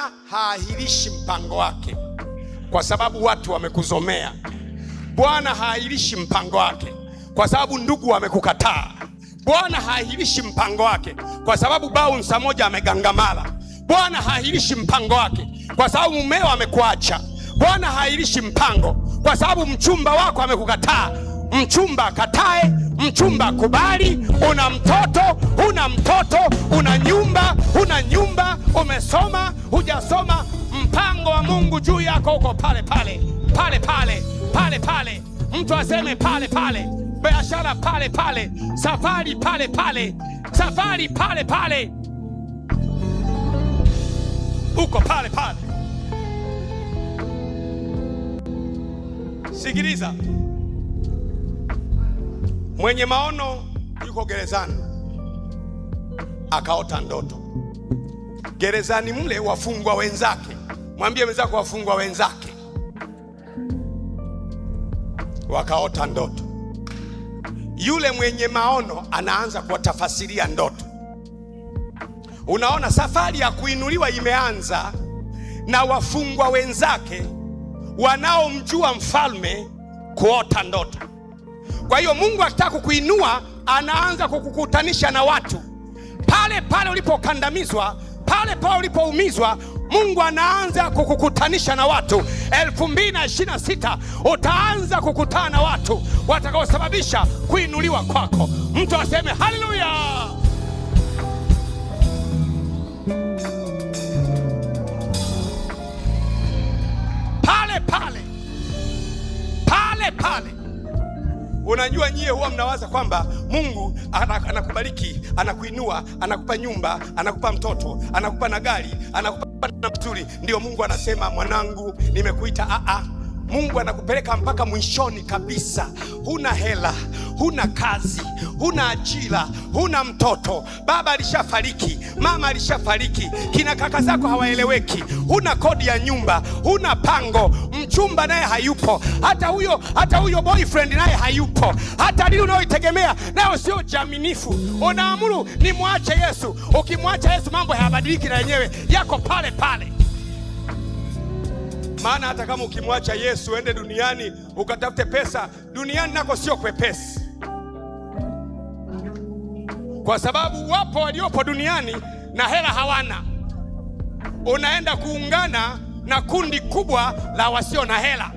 Bwana haahirishi mpango wake, kwa sababu watu wamekuzomea. Bwana haahirishi mpango wake, kwa sababu ndugu wamekukataa. Bwana haahirishi mpango wake, kwa sababu baunsa moja amegangamala. Bwana haahirishi mpango wake, kwa sababu mumeo amekuacha. Bwana haahirishi mpango, kwa sababu mchumba wako amekukataa mchumba akatae, mchumba akubali. Una mtoto, huna mtoto, una nyumba, huna nyumba, umesoma, hujasoma, mpango wa Mungu juu yako uko pale pale pale pale pale pale, mtu aseme pale pale, biashara pale pale, safari pale pale, safari pale pale, uko pale pale. Sikiliza. Mwenye maono yuko gerezani, akaota ndoto. Gerezani mle wafungwa wenzake, mwambie wenzake wafungwa wenzake wakaota ndoto. Yule mwenye maono anaanza kuwatafasiria ndoto. Unaona, safari ya kuinuliwa imeanza na wafungwa wenzake wanaomjua mfalme kuota ndoto. Kwa hiyo Mungu akitaka kukuinua, anaanza kukukutanisha na watu pale pale ulipokandamizwa, pale pale ulipoumizwa Mungu anaanza kukukutanisha na watu. 2026 utaanza kukutana na watu watakaosababisha kuinuliwa kwako. Mtu aseme haleluya! hiyo huwa mnawaza kwamba Mungu anakubariki, anakuinua, anakupa nyumba, anakupa mtoto, anakupa na gari, anakupa na mzuri, ndio Mungu anasema mwanangu, nimekuita. A a Mungu anakupeleka mpaka mwishoni kabisa. Huna hela, huna kazi, huna ajira, huna mtoto, baba alishafariki, mama alishafariki, kina kaka zako hawaeleweki, huna kodi ya nyumba, huna pango, mchumba naye hayupo, hata huyo hata huyo boyfriend naye hayupo, hata lili unayoitegemea nayo sio jaminifu. Unaamuru nimwache Yesu. Ukimwacha Yesu mambo hayabadiliki, na yenyewe yako pale pale. Maana hata kama ukimwacha Yesu uende duniani ukatafute pesa, duniani nako sio kwepesi, kwa sababu wapo waliopo duniani na hela hawana. Unaenda kuungana na kundi kubwa la wasio na hela.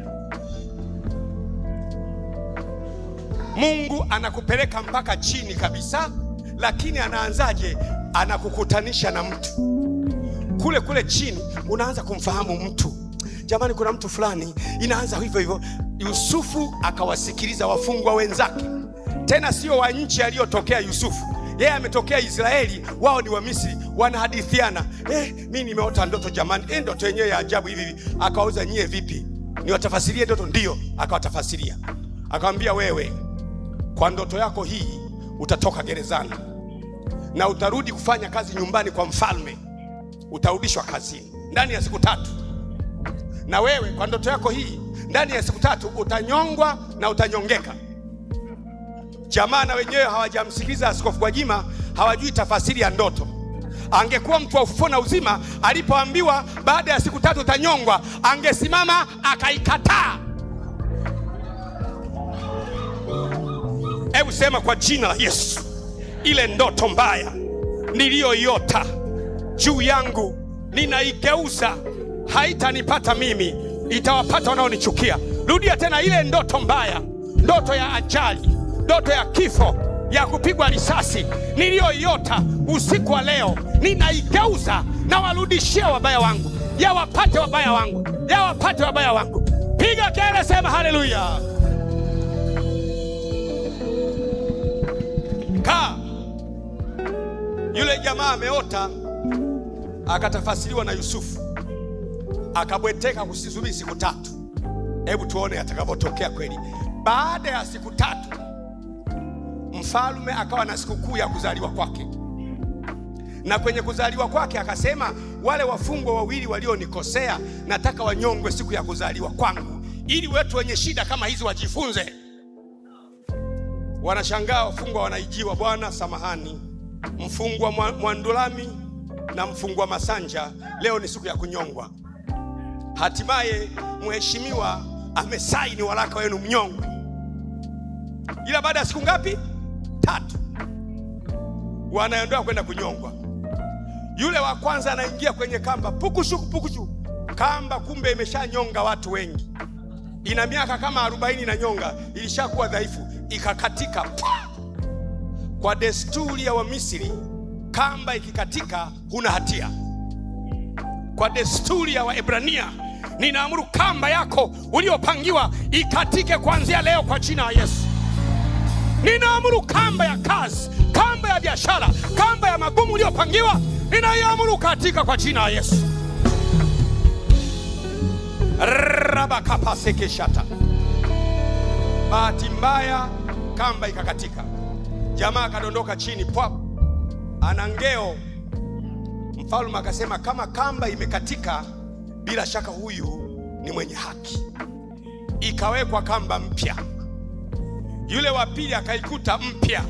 Mungu anakupeleka mpaka chini kabisa, lakini anaanzaje? Anakukutanisha na mtu kule kule chini, unaanza kumfahamu mtu jamani, kuna mtu fulani, inaanza hivyo hivyo. Yusufu akawasikiliza wafungwa wenzake, tena sio wa nchi aliyotokea Yusufu yeye yeah, ametokea Israeli, wao ni wa Misri, wanahadithiana eh, mi nimeota ndoto jamani, eh, ndoto yenyewe ya ajabu hivi hivi. Akawauza nyie, vipi niwatafasirie ndoto? Ndiyo, akawatafasiria akawambia, wewe kwa ndoto yako hii utatoka gerezani na utarudi kufanya kazi nyumbani kwa mfalme, utarudishwa kazini ndani ya siku tatu na wewe kwa ndoto yako hii, ndani ya siku tatu utanyongwa na utanyongeka. Jamaa na wenyewe hawajamsikiliza Askofu Gwajima, hawajui tafasiri ya ndoto. Angekuwa mtu wa ufufuo na uzima, alipoambiwa baada ya siku tatu utanyongwa, angesimama akaikataa. Hebu sema kwa jina la Yesu, ile ndoto mbaya niliyoiota juu yangu ninaigeuza haitanipata mimi, itawapata wanaonichukia. Rudia tena ile ndoto mbaya, ndoto ya ajali, ndoto ya kifo, ya kupigwa risasi niliyoiota usiku wa leo, ninaigeuza na warudishia wabaya wangu, yawapate wabaya wangu, yawapate wabaya wangu. Piga kelele, sema haleluya! Kaa yule jamaa ameota akatafasiliwa na Yusufu akabweteka kusizumi siku tatu. Hebu tuone atakavyotokea kweli. Baada ya siku tatu, mfalme akawa na sikukuu ya kuzaliwa kwake, na kwenye kuzaliwa kwake akasema, wale wafungwa wawili walionikosea nataka wanyongwe siku ya kuzaliwa kwangu, ili wetu wenye shida kama hizi wajifunze. Wanashangaa, wafungwa wanaijiwa, bwana samahani, mfungwa Mwandulami na mfungwa Masanja, leo ni siku ya kunyongwa. Hatimaye mheshimiwa amesaini waraka wenu mnyonge, ila baada ya siku ngapi? Tatu, wanaondoa kwenda kunyongwa. Yule wa kwanza anaingia kwenye kamba, pukushu pukushu, kamba kumbe imeshanyonga watu wengi, ina miaka kama arobaini na nyonga, ilishakuwa dhaifu ikakatika. Kwa desturi ya Wamisri, kamba ikikatika huna hatia. Kwa desturi ya Waebrania ninaamuru kamba yako uliopangiwa ikatike kuanzia leo kwa jina ya Yesu. Ninaamuru kamba ya kazi, kamba ya biashara, kamba ya magumu uliyopangiwa, ninaiamuru katika kwa jina ya Yesu. rabakapasekeshata bahati mbaya kamba ikakatika, jamaa akadondoka chini pwap, ana ngeo. Mfalme akasema kama kamba imekatika bila shaka huyu ni mwenye haki. Ikawekwa kamba mpya, yule wa pili akaikuta mpya,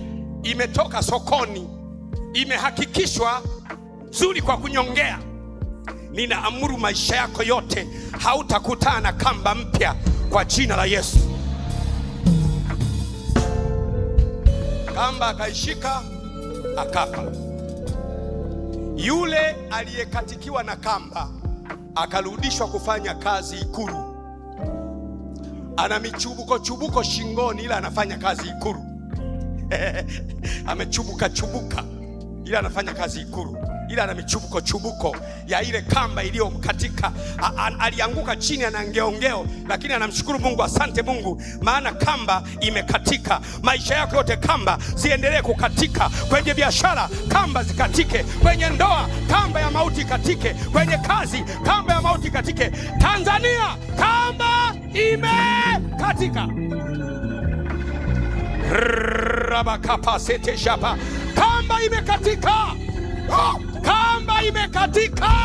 imetoka sokoni, imehakikishwa nzuri kwa kunyongea. Ninaamuru maisha yako yote, hautakutana na kamba mpya kwa jina la Yesu. Kamba akaishika akafa. Yule aliyekatikiwa na kamba akarudishwa kufanya kazi Ikulu. Ana michubuko chubuko shingoni, ila anafanya kazi Ikulu. Amechubuka chubuka, ila anafanya kazi Ikulu, ila ana michubuko chubuko ya ile kamba iliyokatika Alianguka chini, ana ngeongeo, lakini anamshukuru Mungu, asante Mungu, maana kamba imekatika. Maisha yako yote kamba ziendelee kukatika, kwenye biashara kamba zikatike, kwenye ndoa kamba mauti katike, kwenye kazi kamba ya mauti katike. Tanzania kamba imekatika, shapa, kamba imekatika, oh, kamba imekatika.